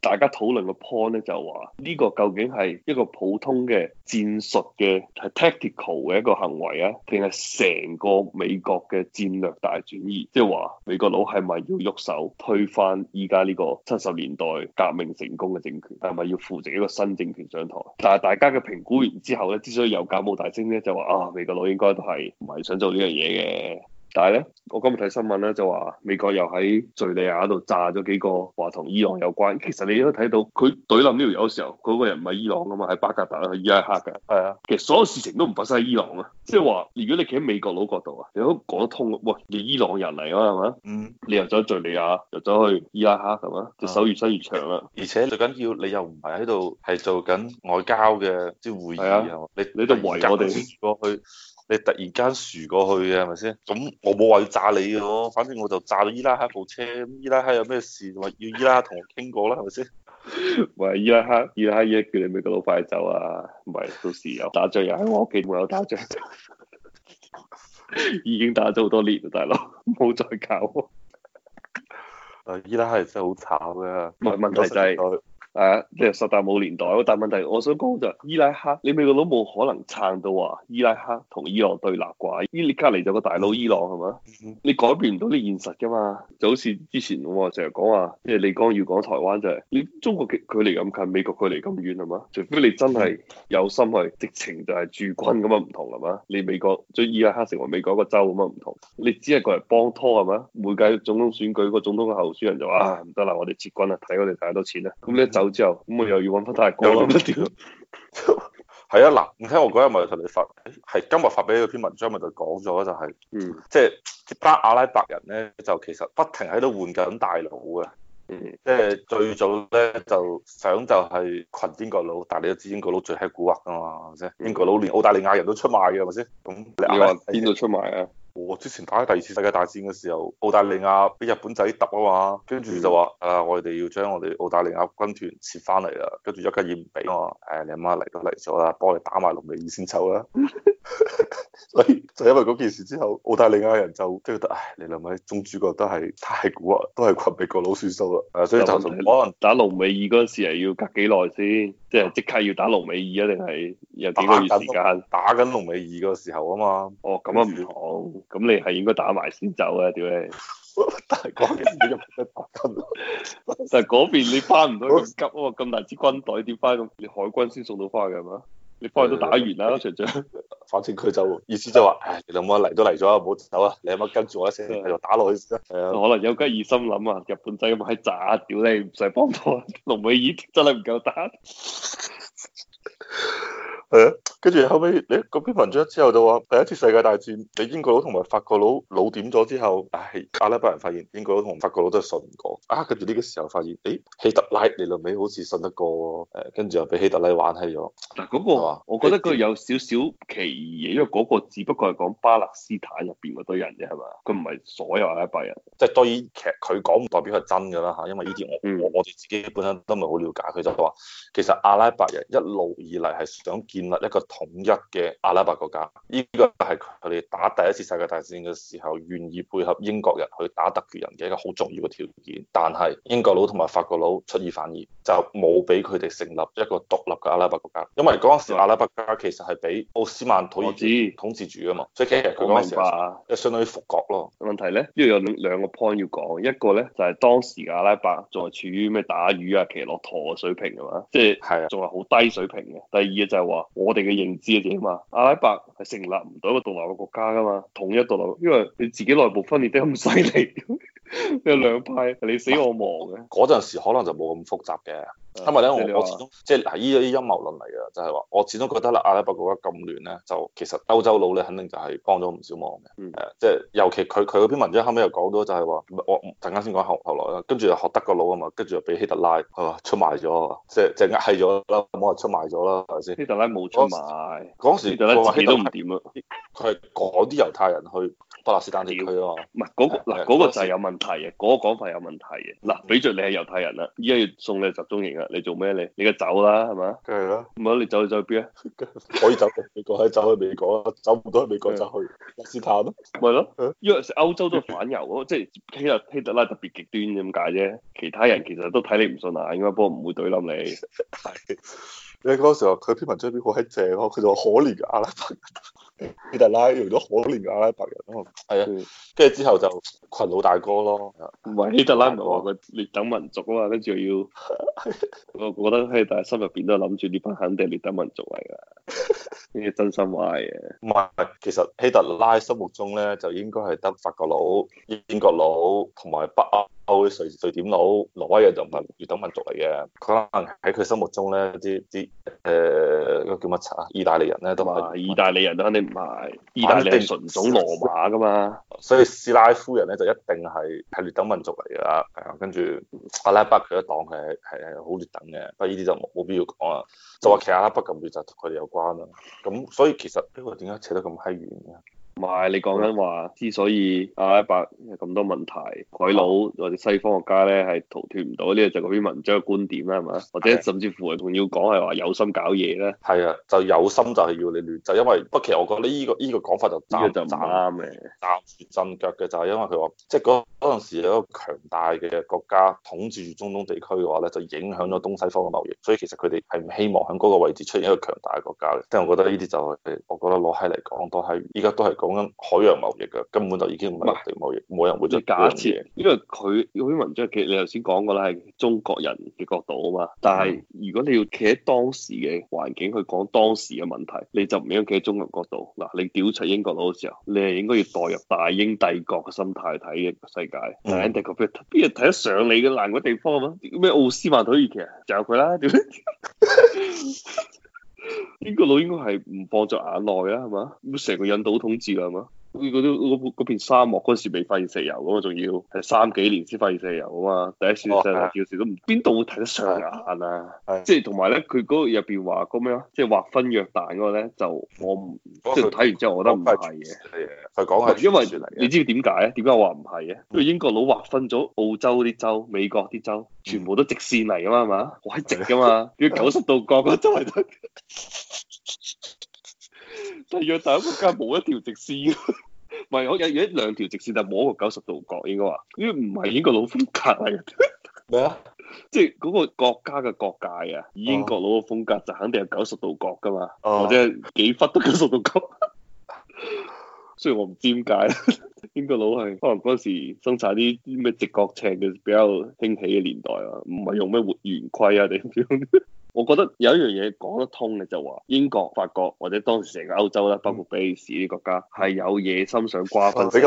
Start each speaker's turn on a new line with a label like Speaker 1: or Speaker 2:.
Speaker 1: 大家討論個 point 咧，就話呢個究竟係一個普通嘅戰術嘅係 tactical 嘅一個行為啊，定係成個美國嘅戰略大轉移？即係話美國佬係咪要喐手推翻依家呢個七十年代革命成功嘅政權，係咪要扶植一個新政權上台？但係大家嘅評估完之後咧，之所以有減冇大聲咧，就話啊，美國佬應該都係唔係想做呢樣嘢嘅。但係咧，我今日睇新聞咧，就話美國又喺敘利亞度炸咗幾個，話同伊朗有關。其實你都睇到，佢懟冧呢條友嘅時候，嗰個人唔係伊朗啊嘛，係巴格達啊，係伊拉克噶，係啊的。其實所有事情都唔發生喺伊朗啊，即係話，如果你企喺美國佬角度啊，你都講得通啊。喂，你伊朗人嚟啊嘛，嗯，你又走去敘利亞，又走去伊拉克，係嘛，隻手越伸越長啦、嗯。
Speaker 2: 而且最緊要，你又唔係喺度係做緊外交嘅，即係會議啊，你的你就圍我哋過去。你突然間豎過去嘅係咪先？咁我冇話要炸你嘅咯，反正我就炸咗伊拉克部車。伊拉克有咩事，話要伊拉克同我傾過啦，係咪先？
Speaker 1: 唔係伊拉克，伊拉克一叫你咪嗰度快走啊！唔係到時有打仗又喺我屋企門有打仗， 已經打咗好多年啊，大佬，唔好再搞。啊！伊拉克真係好慘嘅，唔係是問題就係、是。係啊，即係十大冇年代，但問題我想講就係伊拉克，你美國佬冇可能撐到話伊拉克同伊朗對立啩？伊你隔籬就個大佬伊朗係嘛？你改變唔到啲現實㗎嘛？就好似之前我成日講話，即係你剛要講台灣就係、是、你中國嘅距離咁近，美國距離咁遠係嘛？除非你真係有心去，直情就係駐軍咁樣唔同係嘛？你美國將伊拉克成為美國一個州咁樣唔同，你只係過嚟幫拖係嘛？每屆總統選舉個總統嘅候選人就話啊，唔得啦，我哋撤軍啦，睇我哋攞幾多錢啦。咁你走。之後咁我又要揾不太多，又得掂。係 啊，嗱，你聽我嗰日
Speaker 2: 咪同你發，係今日發俾你嗰篇文章咪就講咗就係、是，嗯，即係班阿拉伯人咧，就其實不停喺度換緊大佬啊。嗯，即係最早咧就想就係群英國佬，但係你都知英國佬最係蠱惑噶嘛，係咪先？英國佬連澳大利亞人都出賣嘅，係咪先？咁你話邊度出賣啊？我、哦、之前打第二次世界大戰嘅時候，澳大利亞俾日本仔揼啊嘛，跟住就話誒、啊，我哋要將我哋澳大利亞軍團撤翻嚟啦，跟住一間嘢唔俾我，誒、啊、你阿媽嚟都嚟咗啦，幫你打埋六尾二先抽啦。 所，以所以就因為嗰件事之後，澳大利亞人就覺得唉，你諗下，宗主國都係太古啊，都係群美國老鼠收啦。所以就可能
Speaker 1: 打隆美爾嗰陣時係要隔幾耐先，即係即刻要打隆美爾啊，定係有幾個月時間？打緊隆美爾嗰個時候啊嘛。哦，咁啊唔講，咁你係應該打埋先走啊。屌你！但係嗰邊你翻唔到咁急啊，咁大支軍隊點翻？咁你海軍先送到返嘅係嘛？你去，去都打完啦，隊長。
Speaker 2: 反正佢就意思就話、是，唉，你阿媽嚟都嚟咗，唔好走啊。」你阿媽跟住我一聲，喺度
Speaker 1: 的打落去。係啊，可能有吉二心諗啊，日本仔咁閪渣，屌你唔使幫到，龍尾已經真係唔夠打。 係跟住後尾，
Speaker 2: 你嗰篇文章之後就話第一次世界大戰，俾英國佬同埋法國佬老點咗之後，唉，阿拉伯人發現英國佬同法國佬都係信唔過啊，跟住呢個時候發現誒希特拉你老尾好似信得過誒，跟、啊、住又俾希特拉玩起咗。嗱
Speaker 1: 嗰、那個啊，吧我覺得佢有少少奇異，因為嗰個只不過係講巴勒斯坦入邊嗰堆人啫，係咪？佢唔係所
Speaker 2: 有阿拉伯人，即係當然劇佢講唔代表係真噶啦吓，因為呢啲我我哋自己本身都唔係好了解。佢就話其實阿拉伯人一路以嚟係想建立一個統一嘅阿拉伯國家，呢個係佢哋打第一次世界大戰嘅時候願意配合英國人去打德國人嘅一個好重要嘅條件。但係英國佬同埋法國佬出爾反爾，就冇俾佢哋成立一個獨立嘅阿拉伯國家，因為嗰陣時阿拉伯國家其實係俾奧斯曼土耳其統治住啊嘛。所以今日佢講乜嘢？
Speaker 1: 即相當於復國咯。問題咧、啊，因為有兩個 point 要講，一個咧就係、是、當時嘅阿拉伯仲係處於咩打魚啊騎駱駝嘅水平嘅、啊、嘛，即係仲係好低水平嘅、啊。第二嘅就係話。我哋嘅認知嘅嘢嘛，阿拉伯係成立唔到一個獨立嘅國家㗎嘛，統一獨立，因為你自己內部分裂得咁犀利， 你有兩派， 你死我亡嘅。嗰陣時可能就冇咁複雜嘅。
Speaker 2: 因為咧，我我始終即係嗱依啲陰謀論嚟嘅，就係話我始終覺得咧阿拉伯國家咁亂咧，就其實歐洲佬咧肯定就係幫咗唔少忙嘅，誒即係尤其佢佢嗰篇文章後尾又講到就係話，我陣間先講後後來啦，跟住又學德國佬啊嘛，跟住又俾希特拉啊出賣咗，即係即係壓咗啦，唔好話出賣咗啦，係咪先？希特拉冇出賣，嗰時希特拉自己都唔掂
Speaker 1: 啊，佢係趕啲猶太人去。阿拉伯時間地區喎、啊，唔係嗰嗱嗰個就係有問題嘅，嗰對個講法有問題嘅。嗱、嗯，俾着你係猶太人啦，依家要送你去集中營啊，你做咩你？你嘅走啦，係咪？梗係咯。唔係你走去走，走去邊啊？可以走嘅，你講
Speaker 2: 係走去美國，走唔到去美國就去巴勒的斯坦咯、
Speaker 1: 啊。咪咯，因為歐洲都反猶啊， 即係希特希特拉特別極端啫，點解啫？其他人其實都睇你唔順眼，應該不過唔會懟冧你。
Speaker 2: 你嗰個時候佢篇文追篇好正咯，佢就話可憐嘅阿拉伯人， 希特拉用咗可憐嘅阿拉伯人咯，
Speaker 1: 係啊，
Speaker 2: 跟住之後就
Speaker 1: 群佬大哥咯，唔係希特拉唔係話佢劣等民族啊嘛，跟住要，我 我覺得希特拉心入邊都係諗住呢班肯定劣等民族嚟、啊、噶，呢 啲真心話嘅，唔係，其實希特拉心目中咧就應該係得法國佬、
Speaker 2: 英國佬同埋北。瑞瑞典佬，挪威人就唔係劣等民族嚟嘅，可能喺佢心目中咧，啲啲誒嗰個叫乜柒啊？意大利人咧都唔係，嘛意大利人肯定唔係，意大利係純種羅馬噶嘛，所以斯拉夫人咧就一定係係劣等民族嚟啦。係啊，跟住阿拉伯嗰一黨係係係好劣等嘅，不過呢啲就冇冇必要講啦。就話其阿拉伯咁樣就同佢哋有關咯。咁所以
Speaker 1: 其實呢個點解扯得咁閪遠嘅？唔係、啊、你講緊話，之所以阿拉、啊、伯咁多問題、鬼佬或者西方國家咧係逃脫唔到呢，就嗰篇文章嘅觀點啦，係咪？或者甚至乎係仲要講係話有心搞嘢咧？係啊，就有心就係要你亂，就
Speaker 2: 因為不其實我覺得呢、呢個依、呢個講法就就啱嘅，站住陣腳嘅就係因為佢話，即係嗰嗰陣時有一個強大嘅國家統治住中東地區嘅話咧，就影響咗東西方嘅貿易，所以其實佢哋係唔希望喺嗰個位置出現一個強大嘅國家。嘅。即係我覺得呢啲就係、係、我覺得攞喺嚟講都係依家都係講緊海洋貿易噶，根本就已經唔係殖民貿易，冇是人
Speaker 1: 會做。假設，因為佢嗰篇文章，其實你頭先講過啦，係中國人嘅角度啊嘛。但係、嗯、如果你要企喺當時嘅環境去講當時嘅問題，你就唔應該企喺中國角度。嗱，你屌出英國佬嘅時候，你係應該要代入大英帝國嘅心態嚟睇一個世界。a n t i c a 邊個睇得上你嘅爛鬼地方啊？咩奧斯曼土耳其啊？就佢啦， 呢個老應該係唔放在眼內啊，係嘛？咁成個印度統治啦，係嘛？嗰啲片沙漠嗰時未發現石油噶嘛，仲要係三幾年先發現石油啊嘛，第一次世界大戰都唔邊度會睇得上眼啊！即係同埋咧，佢嗰入邊話個咩啊？即係劃分約旦嗰個咧，就我唔，oh, 即係睇完之後，我覺得唔係嘅。佢講係因為你知道知點解啊？點解我話唔係嘅？因為、mm. 英國佬劃分咗澳洲啲州、美國啲州，全部都直線嚟噶嘛？係、mm. 嘛？好係直噶嘛？要九十度角嗰種嚟得。 但係若大國家冇一條直線， 唔係我有有兩條直線，但冇一個九十度角應該話，呢唔係英國佬風格嚟 麼。嘅，咩？即係嗰個國家嘅國界啊？以英國佬嘅風格就肯定有九十度角噶嘛，啊、或者幾忽都九十度角。 雖然我唔知點解 英國佬係可能嗰時生產啲咩直角尺嘅比較興起嘅年代啊，唔係用咩活圓規啊定點？我覺得有一樣嘢講得通嘅就話，英國、法國或者當時成個歐洲啦，包括比利時啲國家係有野心想瓜分世界。